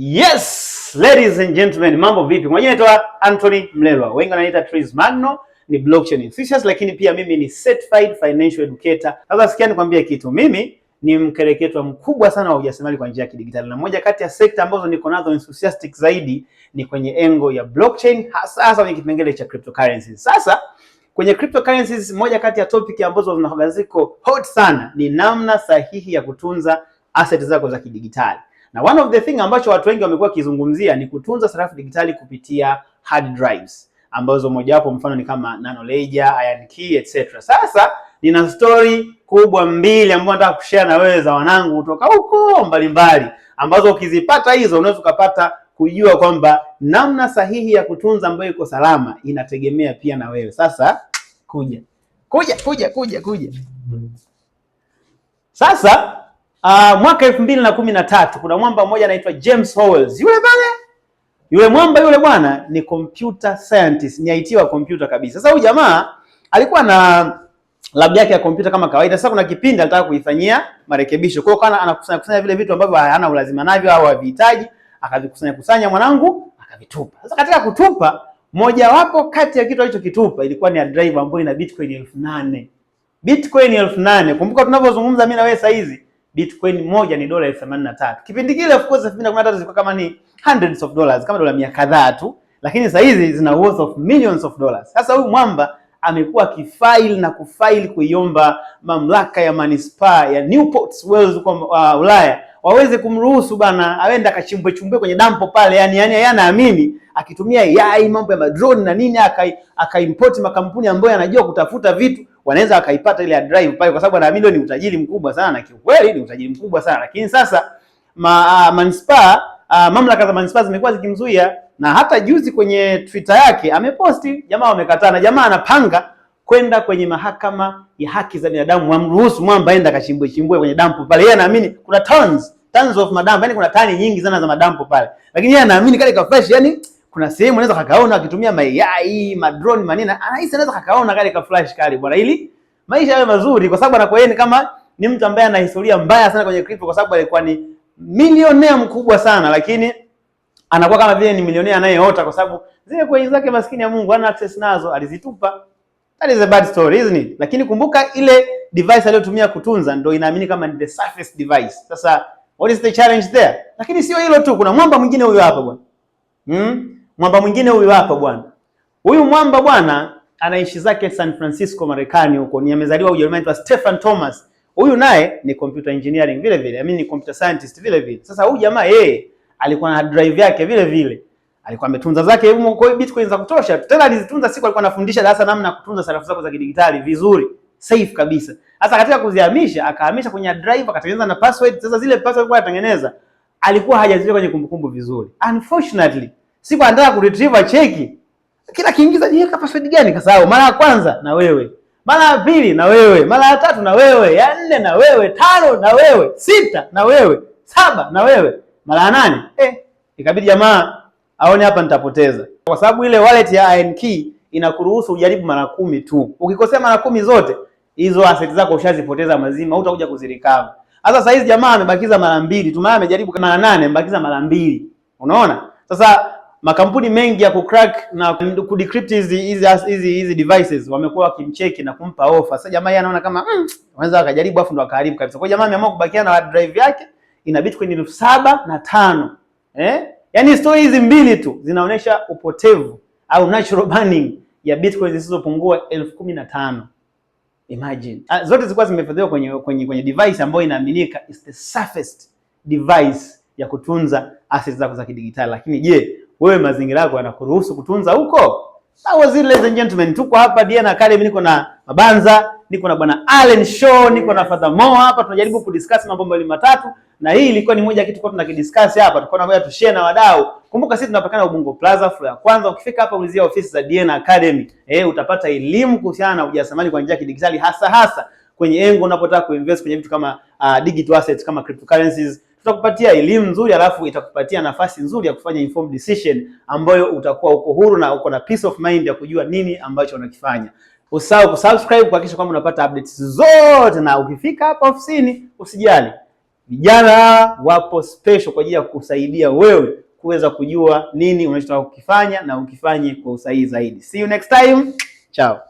Yes, ladies and gentlemen, mambo vipi? Mwenyewe naitwa Anthony Mlelwa, wengi wananiita Magno, ni blockchain enthusiast, lakini pia mimi ni certified financial educator. Sasa sikia nikwambie kitu, mimi ni mkereketwa mkubwa sana wa ujasiriamali kwa njia ya kidigitali, na moja kati ya sekta ambazo niko nazo enthusiastic zaidi ni kwenye engo ya blockchain, hasa hasa kwenye kipengele cha cryptocurrencies. Sasa kwenye cryptocurrencies, moja kati ya topic ambazo zinakuwa ziko hot sana ni namna sahihi ya kutunza asset zako za kidigitali. Na one of the thing ambacho watu wengi wamekuwa wakizungumzia ni kutunza sarafu digitali kupitia hard drives ambazo mojawapo mfano ni kama Nano Ledger, Iron Key etc. Sasa nina story kubwa mbili ambazo nataka kushare na wewe za wanangu kutoka huko mbalimbali, ambazo ukizipata hizo unaweza ukapata kujua kwamba namna sahihi ya kutunza ambayo iko salama inategemea pia na wewe. Sasa kuja kuja kuja kuja kuja sasa Uh, mwaka elfu mbili na kumi na tatu kuna mwamba mmoja anaitwa James Howells yule pale yule mwamba yule bwana ni computer scientist, ni IT wa kompyuta kabisa. Sasa huyu jamaa alikuwa na lab yake ya kompyuta kama kawaida. Sasa kuna kipindi alitaka kuifanyia marekebisho, kwa hiyo kana anakusanya kusanya vile vitu ambavyo hana ulazima navyo au havihitaji, akavikusanya kusanya mwanangu, akavitupa. Sasa katika kutupa, mojawapo kati ya kitu alichokitupa ilikuwa ni drive ambayo ina Bitcoin elfu nane Bitcoin elfu nane Kumbuka tunavyozungumza mimi na wewe sasa hizi Bitcoin moja ni dola elfu themanini na tatu. Kipindi kile of course elfu mbili na kumi na tatu zilikuwa kama ni hundreds of dollars, kama dola mia kadhaa tu, lakini sasa hizi zina worth of millions of dollars. Sasa huyu mwamba amekuwa akifail na kufaili kuiomba mamlaka ya manispaa ya Newport Wells kwa uh, Ulaya waweze kumruhusu bana aende akachimbwe chumbwe kwenye dampo pale, yani yani yeye ya akitumia yai mambo ya madrone na nini, akaimport aka makampuni ambayo yanajua kutafuta vitu wanaweza wakaipata ile drive pale, kwa sababu anaamini ni utajiri mkubwa sana, na kiukweli ni utajiri mkubwa sana. Lakini sasa ma, ah, manispaa Uh, mamlaka za manispaa zimekuwa zikimzuia na hata juzi kwenye Twitter yake ameposti jamaa wamekataa, na jamaa anapanga kwenda kwenye mahakama ya haki za binadamu, wamruhusu mwamba aenda kachimbwe chimbwe kwenye dampo pale. Yeye anaamini kuna tons tons of madampo, yani kuna tani nyingi sana za madampo pale, lakini yeye anaamini kale ka fresh, yani kuna sehemu anaweza kakaona akitumia mayai madrone manina, anahisi ah, anaweza kakaona kale ka flash kali bwana, ili maisha yawe mazuri, kwa sababu anakuwa yeye kama ni mtu ambaye ana historia mbaya sana kwenye crypto, kwa sababu alikuwa ni milionea mkubwa sana, lakini anakuwa kama vile ni milionea anayeota, kwa sababu zile coins zake maskini ya Mungu ana access nazo, alizitupa. That is a bad story isn't it? Lakini kumbuka ile device aliyotumia kutunza ndio inaamini kama ni the surface device. Sasa what is the challenge there? Lakini sio hilo tu, kuna mwamba mwingine huyo hapa bwana, Mm? Mwamba mwingine huyu hapa bwana. Huyu mwamba bwana anaishi zake San Francisco Marekani huko, ni amezaliwa Ujerumani, anaitwa Stefan Thomas. Huyu naye ni computer engineering vile vile, I ni computer scientist vile vile. Sasa huyu jamaa yeye alikuwa na drive yake vile vile, alikuwa ametunza zake kwa bitcoin za kutosha, tena alizitunza siku, alikuwa anafundisha darasa namna kutunza sarafu zako za kidigitali vizuri, safe kabisa. Sasa katika kuzihamisha, akahamisha kwenye drive, akatengeneza na password. Sasa zile password alikuwa anatengeneza, alikuwa hajaziweka kwenye kumbukumbu vizuri, unfortunately Siku anataka kuretrieve cheki. Kila kiingiza je, ka password gani kasahau? Mara ya kwanza na wewe. Mara ya pili na wewe. Mara ya tatu na wewe. Ya nne na wewe. Tano na wewe. Sita na wewe. Saba na wewe. Mara ya nane. Eh, ikabidi jamaa aone hapa nitapoteza. Kwa sababu ile wallet ya INK inakuruhusu ujaribu mara kumi tu. Ukikosea mara kumi zote hizo asset zako ushazipoteza mazima, hutakuja kuzirecover. Sasa saizi jamaa amebakiza mara mbili tu, maana amejaribu mara nane, amebakiza mara mbili. Unaona? Sasa makampuni mengi ya kucrack na kudecrypt hizi hizi hizi hizi devices wamekuwa wakimcheki na kumpa offer. Sasa jamaa yeye anaona kama mm, wanaweza wakajaribu afu ndo akaharibu kabisa. Kwa jamaa ameamua kubakia na hard drive yake ina Bitcoin elfu saba na tano eh? Yaani story hizi mbili tu zinaonyesha upotevu au natural burning ya Bitcoin zisizopungua elfu kumi na tano. Imagine. Ah, zote zilikuwa zimefadhiliwa kwenye, kwenye kwenye device ambayo inaaminika is the safest device ya kutunza assets zako za kidigitali. Lakini je, yeah wewe mazingira yako yanakuruhusu kutunza huko? Ladies and gentlemen, tuko hapa Diena Academy, niko na Mabanza, niko na bwana Allen Shaw, niko na Father Mo hapa, tunajaribu kudiscuss mambo mbali matatu, na hii ilikuwa ni moja kitu kwa tunakidiscuss hapa, tuko tulikuwa tunataka tushare na wadau. Kumbuka sisi tunapatikana Ubungo Plaza floor ya kwanza, ukifika hapa ulizia ofisi za Diena Academy, eh, utapata elimu kuhusiana na ujasiriamali kwa njia ya kidigitali, hasa hasa kwenye engo unapotaka kuinvest kwenye vitu kama uh, digital assets kama cryptocurrencies tutakupatia elimu nzuri, alafu itakupatia nafasi nzuri ya kufanya informed decision ambayo utakuwa uko huru na uko na peace of mind ya kujua nini ambacho unakifanya. Usahau kusubscribe kuhakikisha kwamba unapata updates zote, na ukifika hapa ofisini usijali, vijana wapo special kwa ajili ya kusaidia wewe kuweza kujua nini unachotaka kukifanya na ukifanye kwa usahihi zaidi. See you next time. Ciao.